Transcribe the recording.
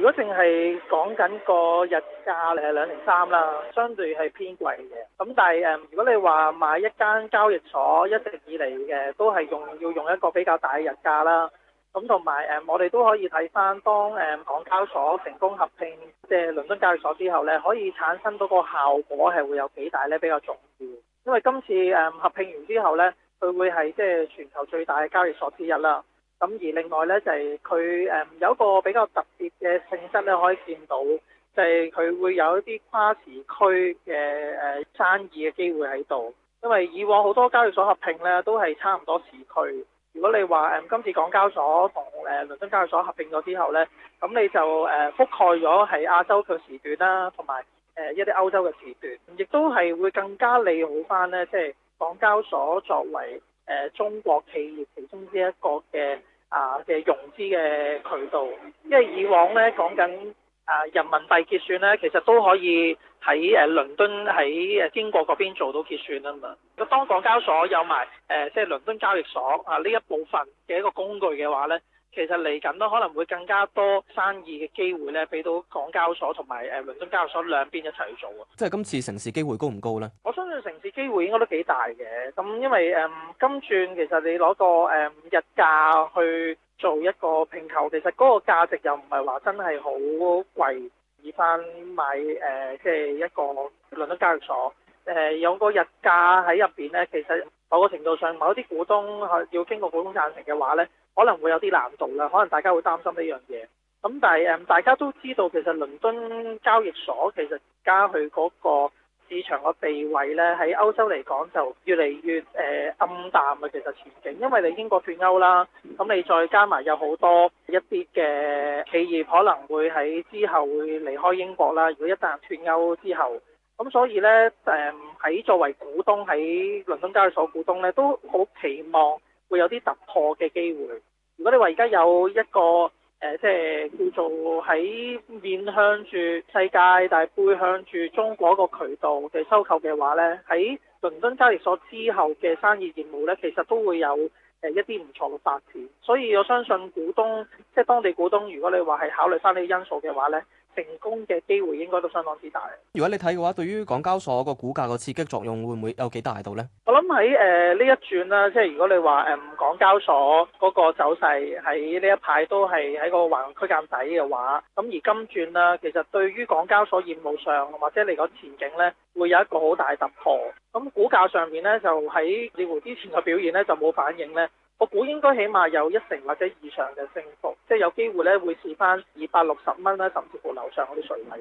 如果淨係講緊個溢價，誒兩零三啦，相對係偏貴嘅。咁但係誒、嗯，如果你話買一間交易所，一直以嚟嘅都係用要用一個比較大嘅溢價啦。咁同埋誒，我哋都可以睇翻當誒港、嗯、交所成功合併即係、就是、倫敦交易所之後咧，可以產生嗰個效果係會有幾大咧，比較重要。因為今次誒、嗯、合併完之後咧，佢會係即係全球最大嘅交易所之一啦。咁而另外呢，就係佢誒有一個比較特別嘅性質咧，可以見到就係佢會有一啲跨時區嘅誒、呃、生意嘅機會喺度。因為以往好多交易所合併呢，都係差唔多時區。如果你話誒、呃、今次港交所同誒倫敦交易所合併咗之後呢，咁、嗯、你就誒、呃、覆蓋咗係亞洲嘅時段啦、啊，同埋誒一啲歐洲嘅時段，亦都係會更加利好翻呢，即、就、係、是、港交所作為誒、呃、中國企業其中之一個嘅。啊嘅融資嘅渠道，因為以往咧講緊啊人民幣結算咧，其實都可以喺誒、啊、倫敦喺誒英國嗰邊做到結算啊嘛。咁當港交所有埋誒即係倫敦交易所啊呢一部分嘅一個工具嘅話咧，其實嚟緊都可能會更加多生意嘅機會咧，俾到港交所同埋誒倫敦交易所兩邊一齊去做啊。即係今次成事機會高唔高咧？機會應該都幾大嘅，咁因為誒、嗯、今轉其實你攞個誒、嗯、溢價去做一個併購，其實嗰個價值又唔係話真係好貴，以翻買誒即係一個倫敦交易所誒、呃、有個溢價喺入邊呢，其實某個程度上，某啲股東要經過股東贊成嘅話呢，可能會有啲難度啦，可能大家會擔心呢樣嘢。咁但係、嗯、大家都知道，其實倫敦交易所其實而家佢嗰個。市場個地位咧，喺歐洲嚟講就越嚟越誒，暗淡嘅。其實前景，因為你英國脫歐啦，咁你再加埋有好多一啲嘅企業可能會喺之後會離開英國啦。如果一旦脫歐之後，咁所以咧，誒喺作為股東喺倫敦交易所股東咧，都好期望會有啲突破嘅機會。如果你話而家有一個誒即係叫做喺面向住世界，但係背向住中國一個渠道嘅收購嘅話呢，喺倫敦交易所之後嘅生意業務呢，其實都會有誒一啲唔錯嘅發展，所以我相信股東即係、就是、當地股東，如果你話係考慮翻呢個因素嘅話呢。成功嘅機會應該都相當之大。如果你睇嘅話，對於港交所個股價個刺激作用會唔會有幾大到呢？我諗喺誒呢一轉啦，即係如果你話誒、呃、港交所嗰個走勢喺呢一排都係喺個橫區間底嘅話，咁而今轉啦，其實對於港交所業務上或者嚟講前景呢，會有一個好大突破。咁股價上面呢，就喺你回之前嘅表現呢，就冇反應呢。我估應該起碼有一成或者以上嘅升幅，即係有機會呢會試翻二百六十蚊啦，甚至乎樓上嗰啲水位。